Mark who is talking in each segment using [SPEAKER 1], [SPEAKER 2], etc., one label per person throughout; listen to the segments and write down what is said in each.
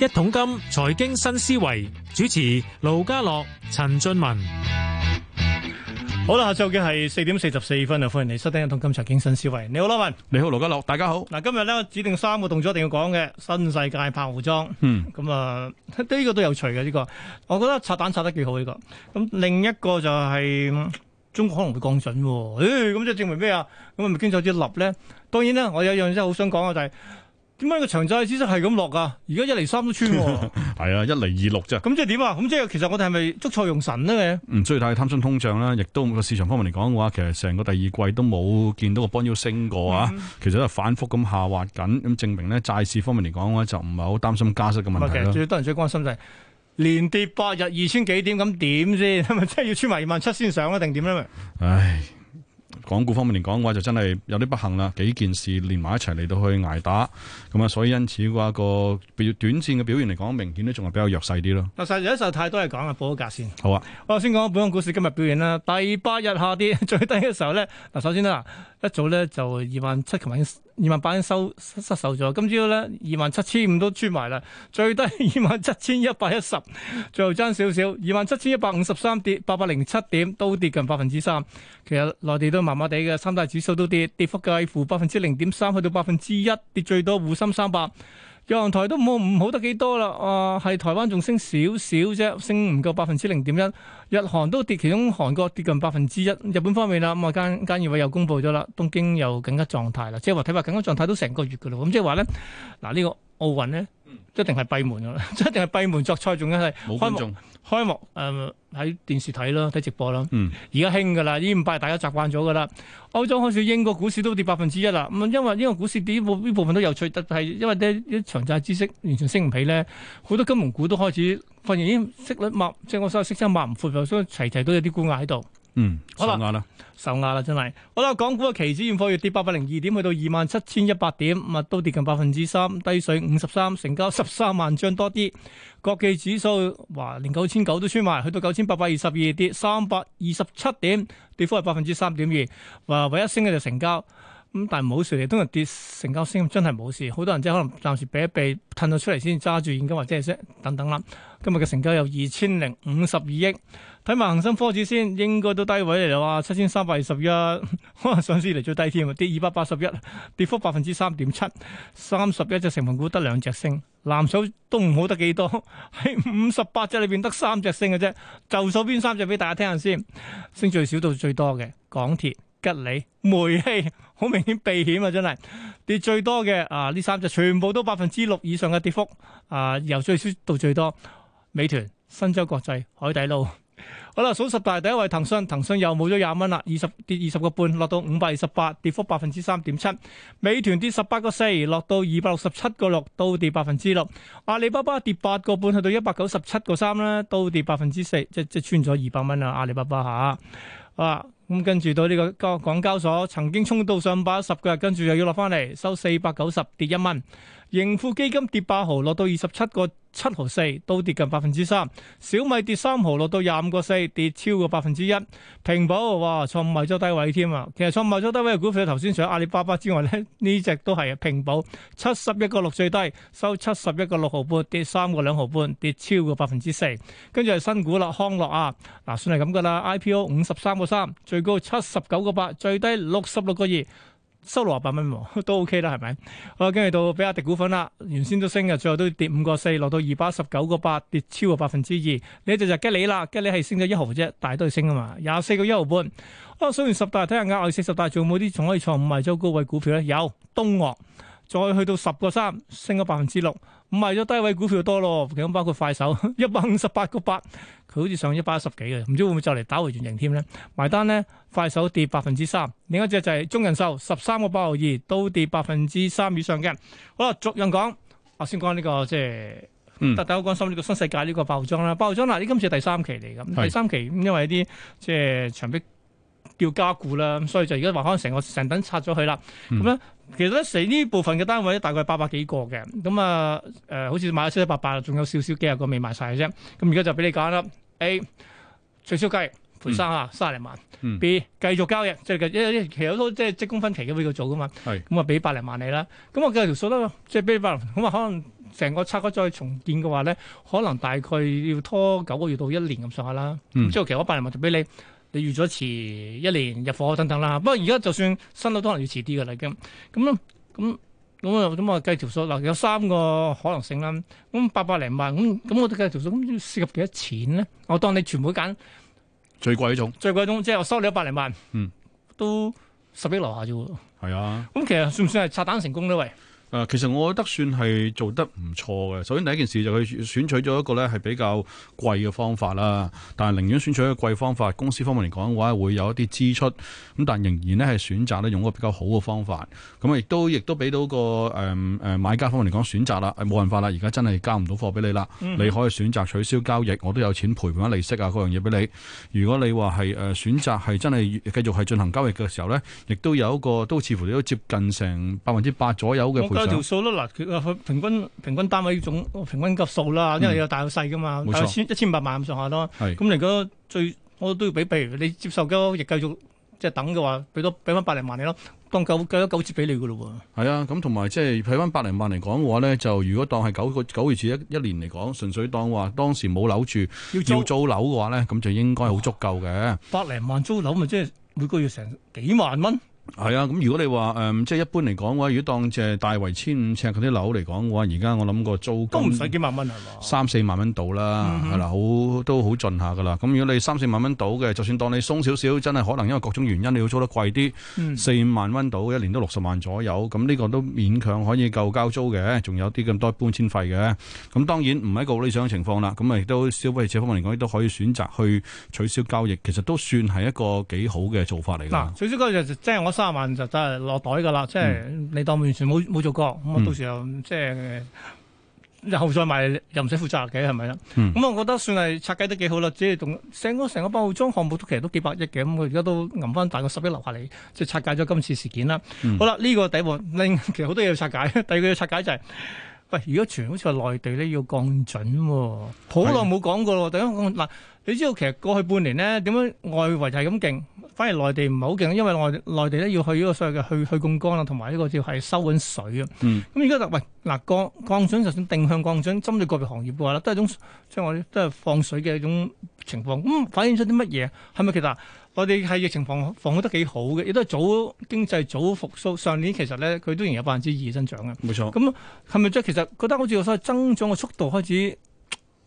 [SPEAKER 1] 一桶金財經新思維主持盧家樂、陳俊文，好啦，下晝嘅係四點四十四分啊！歡迎你收聽《一桶金財經新思維》。你好，羅文。你好，盧家樂。大家好。嗱，今日咧指定三個動作一定要講嘅新世界拍護裝，嗯咁啊，呢、嗯這個都有除嘅呢個。我覺得拆彈拆得幾好呢、這個。咁另一個就係、是、中國可能會降準，誒、欸、咁即係證明咩啊？咁咪驚咗啲笠咧？當然啦，我有一樣真係好想講嘅就係、是。點解個長債指數係咁落噶？而家一厘三都穿，啊，
[SPEAKER 2] 係 啊一厘二六啫。咁即係點啊？咁即係其實我哋係咪捉錯用神咧？唔需要太貪心通脹啦。亦都個市場方面嚟講嘅話，其實成個第二季都冇見到個 bond 要升過啊，嗯嗯。其實都係反覆咁下滑緊。咁
[SPEAKER 1] 證明咧債市方面嚟講嘅話，就唔係好
[SPEAKER 2] 擔心加息嘅問題咯。最多
[SPEAKER 1] 人最關心就係連跌八日二千幾點咁點先？係咪 真係要穿埋二萬七先上啊？定點咧？咪唉。
[SPEAKER 2] 港股方面嚟講嘅話，就真係有啲不幸啦，幾件事連埋一齊嚟到去捱打，咁啊，所以因此嘅話個短線嘅表現嚟講，明顯都仲係比較弱勢啲咯。
[SPEAKER 1] 嗱，實有時候太多嘢講啦，報個價先。好啊，我先講本港股市今日表現啦，第八日下跌，最低嘅時候咧，嗱首先啦，一早咧就二萬七千蚊。二萬八收失手咗，今朝咧二萬七千五都出埋啦，最低二萬七千一百一十，最後爭少少，二萬七千一百五十三跌八百零七點，都跌近百分之三。其實內地都麻麻地嘅，三大指數都跌，跌幅計負百分之零點三去到百分之一，跌最多滬深三百。日韓台都冇唔好得幾多啦，啊、呃、係台灣仲升少少啫，升唔夠百分之零點一。日韓都跌，其中韓國跌近百分之一。日本方面啦，咁啊間間議會又公布咗啦，東京又緊急狀態啦，即係話睇埋緊急狀態都成個月噶啦。咁即係話咧，嗱、這個、呢個奧運咧。一定係閉門噶啦，一定係閉門作賽，仲一係開幕，開幕誒喺、呃、電視睇啦，睇直播，嗯，而家興噶啦，已經唔拜大家習慣咗噶啦。歐洲開始，英國股市都跌百分之一啦。咁因為因為股市呢部呢部分都有趣，但係因為咧啲長債孳息完全升唔起咧，好多金融股都開始發現啲息率慢，即係我所謂息差慢唔闊，所以齊齊都有啲觀望喺度。嗯，受壓啦，受壓啦，真係。好啦，港股嘅期指現貨月跌八百零二點，去到二萬七千一百點，啊，都跌近百分之三，低水五十三，成交十三萬張多啲。國際指數哇連九千九都穿埋，去到九千八百二十二，跌三百二十七點，跌幅係百分之三點二。哇唯一升嘅就成交。咁但係冇事嚟，都係跌成交升，真係冇事。好多人即係可能暫時避一避，褪到出嚟先，揸住現金或者係息等等啦。今日嘅成交有二千零五十二億。睇埋恒生科指先，應該都低位嚟啦。7, 21, 哇，七千三百二十一，可能上市嚟最低添啊，跌二百八十一，跌幅百分之三點七，三十一隻成分股得兩隻升，藍籌都唔好得幾多，喺五十八隻裏邊得三隻升嘅啫。就數邊三隻俾大家聽下先，升最少到最多嘅，港鐵。吉利、煤氣，好明顯避險啊！真係跌最多嘅啊！呢三隻全部都百分之六以上嘅跌幅啊，由最少到最多。美團、申洲國際、海底撈，好啦，數十大第一位騰訊，騰訊又冇咗廿蚊啦，二十跌二十個半，落到五百二十八，跌幅百分之三點七。美團跌十八個四，落到二百六十七個六，都跌百分之六。阿里巴巴跌八個半，去到一百九十七個三啦，都跌百分之四，即即穿咗二百蚊啦，阿里巴巴嚇啊！咁跟住到呢個港交所，曾經衝到上百十個日，跟住又要落翻嚟，收四百九十，跌一蚊。盈富基金跌八毫，落到二十七個七毫四，都跌近百分之三。小米跌三毫，落到廿五個四，跌超過百分之一。平保哇，創埋咗低位添啊！其實創埋咗低位嘅股票，頭先除咗阿里巴巴之外咧，呢隻都係平保，七十一個六最低，收七十一個六毫半，跌三個兩毫半，跌超過百分之四。跟住係新股啦，康樂啊，嗱算係咁噶啦，IPO 五十三個三，最高七十九個八，最低六十六個二。收六百蚊都 OK 啦，係咪？好，跟住到比亞迪股份啦，原先都升嘅，最後都跌五個四，落到二百一十九個八，跌超過百分之二。你一隻就吉利啦，吉利係升咗一毫啫，但係都係升啊嘛，廿四個一毫半。我數完十大，睇下額外四十大仲有冇啲仲可以創五十二周高位股票咧？有東嶽，再去到十個三，升咗百分之六。賣咗低位股票多咯，咁包括快手一百五十八個八，佢好似上咗一百一十幾嘅，唔知會唔會就嚟打回原形添咧？埋單咧，快手跌百分之三，另一隻就係中人壽十三個八毫二都跌百分之三以上嘅。好啦，逐樣講，我先講呢、這個即係大家好關心呢個新世界呢個爆裝啦，爆裝嗱，呢今次係第三期嚟咁，第三期因為啲即係牆壁。要加固啦，咁所以就而家話可能成個成棟拆咗佢啦。咁咧、嗯嗯，其實咧，成呢部分嘅單位咧，大概係八百幾個嘅。咁、呃、啊，誒，好似賣咗七七八八啦，仲有少少幾廿個未賣晒嘅啫。咁而家就俾你揀啦。A 取消交易，賠生啊，三十零萬。B、嗯、繼續交易，就是、即係一啲其實好多即係即供分期嘅俾佢做噶嘛。係、嗯。咁啊，俾百零萬你啦。咁我計下條數啦，即係俾百零。咁啊，可能成個拆咗再重建嘅話咧，可能大概要拖九個月到一年咁上下啦。咁之後其他百零萬就俾你。你預咗遲一年入貨等等啦，不過而家就算新樓都可能要遲啲㗎啦，已經咁咯，咁咁我咁我計條數，嗱有三個可能性啦，咁八百零萬，咁咁我都計條數，咁涉及幾多錢咧？我當你全部揀最貴嗰種，最貴嗰種即係我收你一百零萬，嗯，都十億樓下啫喎，係啊，咁其實算唔算係拆彈成功咧？喂？誒，其實
[SPEAKER 2] 我覺得算係做得唔錯嘅。首先第一件事就佢選取咗一個咧係比較貴嘅方法啦。但係寧願選取一個貴方法，公司方面嚟講嘅話，會有一啲支出。咁但仍然咧係選擇咧用一個比較好嘅方法。咁亦都亦都俾到個誒誒、嗯、買家方面嚟講選擇啦。冇辦法啦，而家真係交唔到貨俾你啦。嗯、你可以選擇取消交易，我都有錢賠款利息啊嗰樣嘢俾你。如果你話係誒選擇係真係繼續係進行交易嘅時候咧，亦都有一個都似乎都接近成百分之八左右嘅賠嗰條數咯，
[SPEAKER 1] 嗱佢平均平均單位總平均級數啦，因為有大有細噶嘛，一千一千五百萬咁上下咯。係咁，如果最我都要俾，譬如你接受咗，亦繼續即係等嘅話，俾多俾翻百零萬你咯，當九計咗九折俾你嘅咯喎。
[SPEAKER 2] 係啊，咁同埋即係俾翻百零萬嚟講嘅話咧，就如果當係九個九月至一一年嚟講，純粹當話當時冇樓住要租樓嘅話咧，咁就應該好足夠嘅。
[SPEAKER 1] 百零萬租樓咪即係每個月成
[SPEAKER 2] 幾萬蚊？係啊，咁如果你話誒、嗯，即係一般嚟講嘅話，如果當淨係大圍千五尺嗰啲樓嚟講嘅話，而家我諗個租金都唔使幾萬蚊係嘛，三四萬蚊到啦，係啦，好都好盡下噶啦。咁如果你三四萬蚊到嘅，就算當你鬆少少，真係可能因為各種原因你要租得貴啲，四五萬蚊到，一年都六十萬左右，咁呢個都勉強可以夠交租嘅，仲有啲咁多搬遷費嘅。咁當然唔係一個好理想嘅情況啦。咁亦都消費者方面嚟講，亦都可以選擇去取消交易，其實都算係一個幾好嘅做法嚟。嗱，
[SPEAKER 1] 取消交易即係我。卅萬就得落袋噶啦，即係你當完全冇冇做過，咁、嗯、我到時候即係又再賣又唔使負責嘅，係咪啊？咁、嗯、我覺得算係拆解得幾好啦，即係同成個成個包裝項目都其實都幾百億嘅，咁我而家都揞翻大概十億樓下嚟，即係拆解咗今次事件啦。嗯、好啦，呢個底盤令其實好多嘢要拆解，第二個要拆解就係。喂，而家全好似話內地咧要降準喎，好耐冇講過咯。第一嗱，你知道其實過去半年咧點樣外圍就係咁勁，反而內地唔係好勁，因為內內地咧要去呢個所謂嘅去去槓桿啦，同埋呢個叫係收緊水啊。咁而家就喂嗱降降準，就算定向降準針對個別行業嘅話啦，都係一種將我哋都係放水嘅一種情況。咁、嗯、反映出啲乜嘢？係咪其實？我哋係疫情防防控得幾好嘅，亦都係早經濟早復甦。上年其實咧，佢都仍然有百分之二增長嘅。冇錯。咁係咪即係其實覺得好似個所謂增長嘅速度開始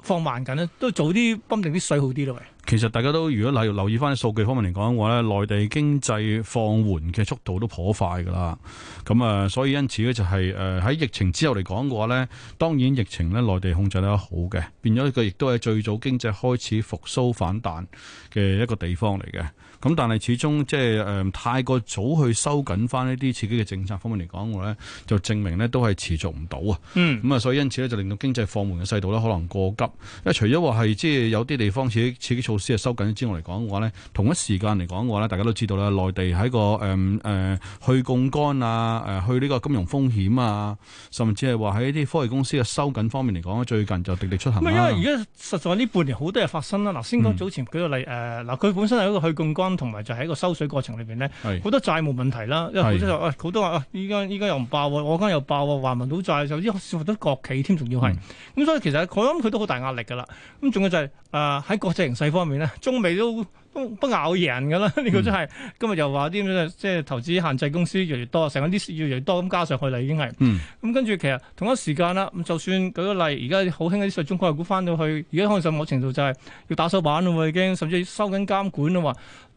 [SPEAKER 1] 放慢緊咧？都早啲，泵定啲水好啲咯，喂。
[SPEAKER 2] 其實大家都如果留意留意翻啲數據方面嚟講嘅話咧，內地經濟放緩嘅速度都頗快噶啦。咁、嗯、啊，所以因此咧就係誒喺疫情之後嚟講嘅話咧，當然疫情咧內地控制得好嘅，變咗佢亦都係最早經濟開始復甦反彈嘅一個地方嚟嘅。咁但係始終即係太過早去收緊翻呢啲刺激嘅政策方面嚟講嘅話咧，就證明咧都係持續唔到啊。嗯。咁啊、嗯，所以因此咧就令到經濟放緩嘅勢度咧可能過急。因為除咗話係即係有啲地方刺激。刺激老師係收緊之外嚟講嘅話咧，同一時間嚟講嘅話咧，大家都知道啦，內地喺個誒誒、呃呃、去槓桿啊，誒去呢個金融風險啊，甚至係話喺啲科技公司嘅收緊方面嚟講，最近就滴滴出行。唔係因為而家
[SPEAKER 1] 實在呢半年好多嘢發生啦。嗱，先講早前舉個例誒，嗱、嗯呃，佢本身係一個去槓桿，同埋就係一個收水過程裏邊呢，好是 多債務問題啦。係，好是 多話，依家依家又唔爆，我間又爆啊，還唔到債，就啲少少都國企添，仲要係。咁、嗯、所以其實我諗佢都好大壓力㗎啦。咁仲有就係誒喺國際形勢方面。中美都都不咬人噶啦，呢個真係今日又話啲即係投資限制公司越嚟越多，成日啲越嚟越多咁加上去啦，已經係。嗯。咁跟住，其實同一時間啦，咁就算舉個例，而家好興嗰啲細中概股翻到去，而家可能上某程度就係要打手板咯喎，已經，甚至收緊監管啦嘛。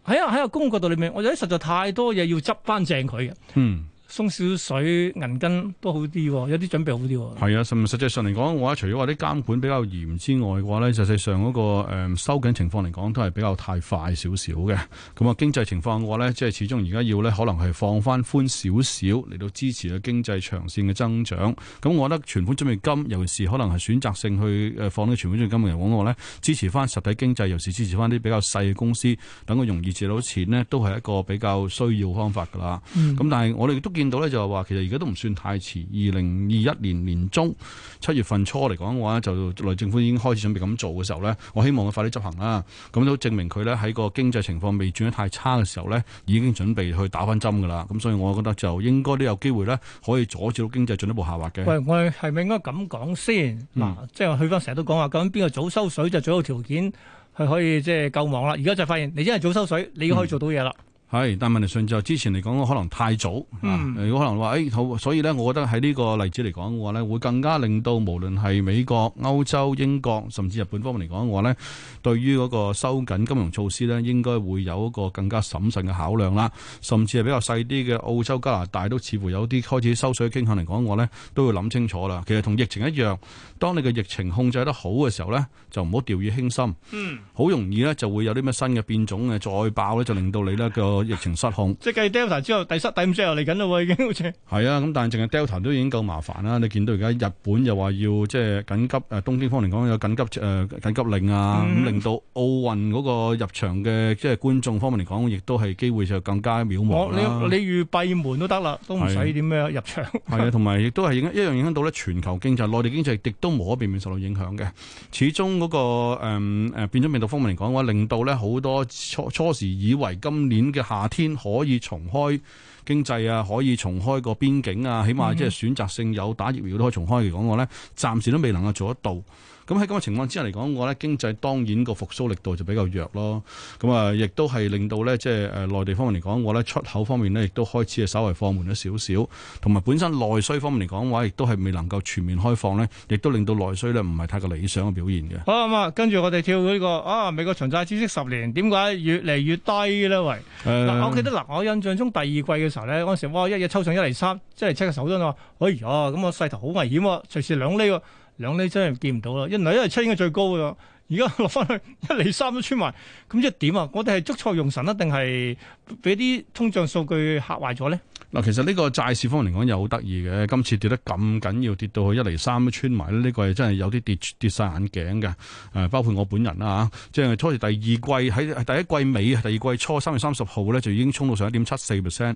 [SPEAKER 1] 喺啊喺啊，個公共角度裏面，我哋啲實在太多嘢要執翻正佢嘅。嗯。鬆少水銀根都好啲，有啲準備好啲。
[SPEAKER 2] 係啊，實實際上嚟講，我覺得除咗話啲監管比較嚴之外嘅話咧，實際上嗰、那個、嗯、收緊情況嚟講，都係比較太快少少嘅。咁、嗯、啊，經濟情況嘅話咧，即係始終而家要咧，可能係放翻寬少少嚟到支持嘅經濟長線嘅增長。咁我覺得存款準備金，尤其是可能係選擇性去誒放啲存款準備金嘅情況下咧，支持翻實體經濟，尤其是支持翻啲比較細嘅公司，等佢容易借到錢呢，都係一個比較需要方法㗎啦。咁、嗯、但係我哋都。見到咧就係話，其實而家都唔算太遲。二零二一年年中七月份初嚟講嘅話，就內政府已經開始準備咁做嘅時候咧，我希望佢快啲執行啦，咁都證明佢咧喺個經濟情況未轉得太差嘅時候咧，已經準備去打翻針噶啦。咁所以我覺得就應該都有機會咧，可以阻止到經濟進一步下滑嘅。喂，
[SPEAKER 1] 我係咪應該咁講先？嗱、嗯，即係去翻成日都講話，究竟邊個早收水就早有條件去可以即係救亡啦？而家就發現，你真係早收水，你可以做到嘢啦。嗯
[SPEAKER 2] 係，但問題上就之前嚟講，可能太早。嗯。如果可能話，誒好，所以咧，我覺得喺呢個例子嚟講嘅話咧，會更加令到無論係美國、歐洲、英國，甚至日本方面嚟講嘅話咧，對於嗰個收緊金融措施咧，應該會有一個更加審慎嘅考量啦。甚至係比較細啲嘅澳洲、加拿大都似乎有啲開始收水傾向嚟講嘅話咧，都會諗清楚啦。其實同疫情一樣，當你嘅疫情控制得好嘅時候咧，就唔好掉以輕心。嗯。好容易咧就會有啲咩新嘅變種嘅再爆咧，就令到你呢個。疫情失控，
[SPEAKER 1] 即係計 Delta 之後，第七、第五隻又嚟緊啦喎，已經好
[SPEAKER 2] 似係啊！咁但係淨係 Delta 都已經夠麻煩啦。你見到而家日本又話要即係緊急誒，東京方面講有緊急誒緊急令啊，咁、嗯、令到奧運嗰個入場嘅即係觀眾方面嚟講，亦都係機會就更加渺茫。你你
[SPEAKER 1] 預閉門都得啦，都唔使點咩入場。係啊，
[SPEAKER 2] 同埋、 啊、亦都係影一樣影響到咧全球經濟，內地經濟亦都冇可避免受到影響嘅。始終嗰、嗰個誒誒、嗯、變種病毒方面嚟講嘅話，令到咧好多初初時以為今年嘅夏天可以重開經濟啊，可以重開個邊境啊，起碼即係選擇性有打疫苗都可以重開嚟講，我咧暫時都未能夠做得到。咁喺咁嘅情況之下嚟講，我咧經濟當然個復甦力度就比較弱咯。咁啊，亦都係令到咧，即係誒內地方面嚟講，我咧出口方面咧，亦都開始係稍微放緩咗少少。同埋本身內需方面嚟講，嘅話亦都係未能夠全面開放咧，亦都令到內需咧唔係太過理想嘅表現嘅，
[SPEAKER 1] 好，咁啊。啊跟住我哋跳呢個啊美國長債孳息十年，點解越嚟越低咧？喂，嗱、嗯，我記得嗱，我印象中第二季嘅時候咧，嗰陣時哇，一日抽上一嚟三、即係七個手都話，哎呀，咁個勢頭好危險喎，隨時兩釐喎。兩厘真係見唔到啦，一厘七應該最高㗎啦，而家落翻去一厘三都穿埋，咁即係點啊，我哋係捉錯用神啊，定係俾啲通脹數據嚇壞咗咧？嗱，其實呢個債市方面嚟講又好得意嘅，今次跌得咁緊
[SPEAKER 2] 要，跌到去一厘三都穿埋咧，呢個係真係有啲跌跌曬眼鏡嘅。誒，包括我本人啦嚇，即係初時第二季喺第一季尾、第二季初三月三十號咧，就已經衝到上一點七四 percent。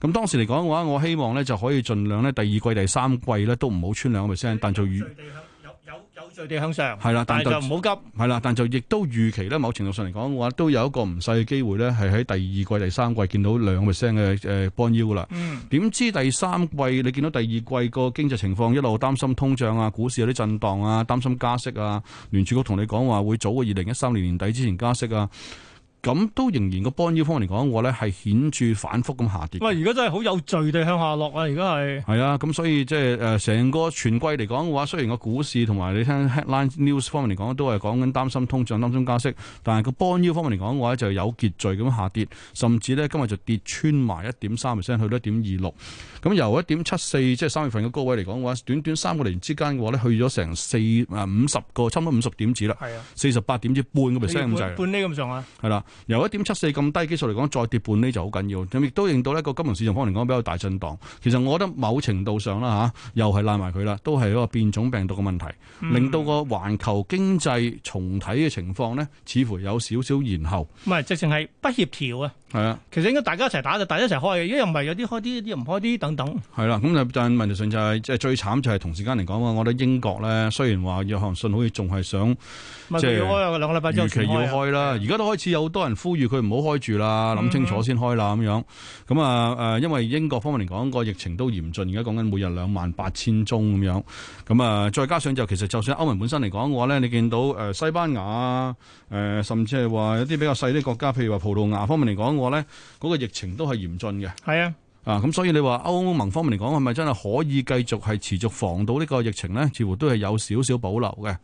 [SPEAKER 2] 咁當時嚟講嘅話，我希望咧就可以盡量咧第二季、第三季咧都唔好穿兩個 percent，但就預有有向
[SPEAKER 1] 有序地向上。係啦，但就唔好急。
[SPEAKER 2] 係啦，但就亦都預期咧，某程度上嚟講嘅話，都有一個唔細嘅機會咧，係喺第二季、第三季見到兩個 percent 嘅誒幫腰啦。點、嗯、知第三季你見到第二季個經濟情況一路擔心通脹啊，股市有啲震蕩啊，擔心加息啊，聯儲局同你講話會早過二零一三年年底之前加息啊。咁都仍然個 b 腰方面嚟講，我咧係顯著反覆咁下跌。
[SPEAKER 1] 喂，而家真係好有序地向下落啊！而家係
[SPEAKER 2] 係啊，咁所以即係誒成個全季嚟講嘅話，雖然個股市同埋你聽 headline news 方面嚟講都係講緊擔心通脹、擔心加息，但係個 b 腰方面嚟講嘅話，就有結序咁下跌，甚至咧今日就跌穿埋一點三 percent，去到一點二六。咁由一點七四，即係三月份嘅高位嚟講嘅話，短短三個零之間嘅話咧，去咗成四啊五十個，差唔多五十點止啦。係啊，四十八點半咁 percent 咁半呢咁上啊？係啦。由一點七四咁低基數嚟講，再跌半呢就好緊要，咁亦都令到呢個金融市場方面講比較大震盪。其實我覺得某程度上啦吓、啊、又係賴埋佢啦，都係一個變種病毒嘅問題，嗯、令到個環球經濟重啟嘅情況呢，似乎有少少延後。
[SPEAKER 1] 唔係，直情係不協調啊！係啦，啊、其實應該大家一齊打就大家一齊開嘅，因又唔係有啲開啲，啲唔開啲等等。
[SPEAKER 2] 係啦、啊，咁但係問題上就係即係最慘就係同時間嚟講啊，我覺得英國咧，雖然話約翰遜好似仲係想，不即係開兩個禮拜就預期要開啦，而家、啊、都開始有好多人呼籲佢唔好開住啦，諗清楚先開啦咁樣。咁啊誒，因為英國方面嚟講個疫情都嚴峻，而家講緊每日兩萬八千宗咁樣。咁啊，再加上就其實就算歐盟本身嚟講嘅話咧，你見到誒西班牙啊，誒、呃、甚至係話一啲比較細啲國家，譬如話葡萄牙方面嚟講。我嗰個疫情都係嚴峻嘅，係啊，啊咁所以你話歐盟方面嚟講，係咪真係可以繼續係持續防到呢個疫情呢？似乎都係有少少保留嘅。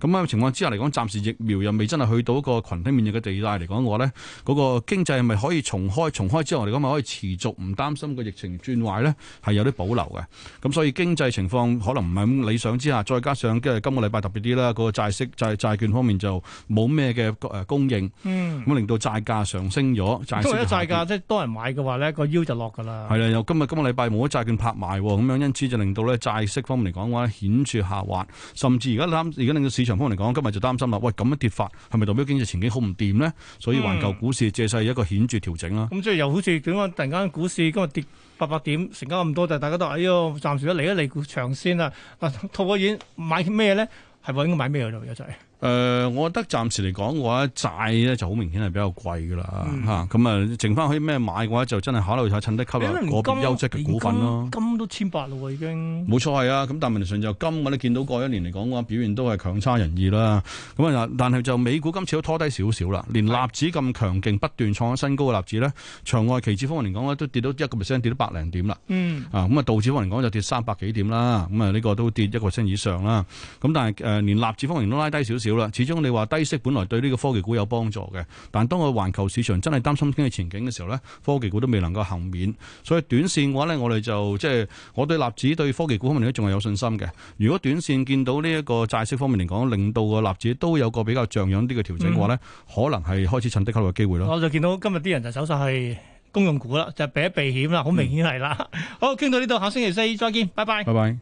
[SPEAKER 2] 咁嘅情況之下嚟講，暫時疫苗又未真係去到一個群體免疫嘅地帶嚟講，嘅話咧嗰個經濟係咪可以重開？重開之後嚟講，咪可以持續唔擔心個疫情轉壞咧？係有啲保留嘅。咁所以經濟情況可能唔係咁理想之下，再加上即係今個禮拜特別啲啦，個債息債債券方面就冇咩嘅誒供應，咁、嗯、令到債價上升咗。上升咗債價
[SPEAKER 1] 即係多人買嘅話咧，個腰就落㗎啦。
[SPEAKER 2] 係啦，又今日今個禮拜冇咗債券拍賣，咁樣因此就令到咧債息方面嚟講嘅話，顯著下滑，甚至而家而家令到市。長方嚟講，今日就擔心啦。喂，咁樣跌法係咪代表經濟前景好唔掂呢？所以環球股市借勢一個顯著調整啦。
[SPEAKER 1] 咁即係又好似點啊？嗯嗯、突然間股市今日跌八百點，成交咁多，就大家都話，哎喲，暫時都嚟一利股長先啦。嗱、啊，套個險買咩咧？係咪應該買咩度就係
[SPEAKER 2] 誒、呃，我覺得暫時嚟講嘅話，債咧就好明顯係比較貴噶啦，吓咁、嗯、啊，剩翻可以咩買嘅話，就真係考慮下趁得吸入個別優質嘅股份咯。
[SPEAKER 1] 金都千八啦，已經。
[SPEAKER 2] 冇錯係啊，咁但係問題上就金，我哋見到過一年嚟講嘅話，表現都係強差人意啦。咁啊，但係就美股今次都拖低少少啦，連納指咁強勁、不斷創新高嘅納指咧，場外期指方面嚟講都跌到一個 percent，跌到百零點啦。咁、嗯、啊、嗯，道指方面嚟講就跌三百幾點啦，咁啊，呢個都跌一個 percent 以上啦。咁但係誒，連納指方面都拉低少少。始終你話低息本來對呢個科技股有幫助嘅，但當佢環球市場真係擔心經濟前景嘅時候呢，科技股都未能夠幸免。所以短綫嘅話呢，我哋就即係、就是、我對納指對科技股方面都仲係有信心嘅。如果短綫見到呢一個債息方面嚟講，令到個納指都有個比較像樣啲嘅調整嘅話呢、嗯、可能係開始趁低吸納嘅機會咯。
[SPEAKER 1] 我就見到今日啲人就走晒去公用股啦，就避一避險啦，好明顯係啦。嗯、好，傾到呢度，下星期四再見，拜拜，拜
[SPEAKER 2] 拜。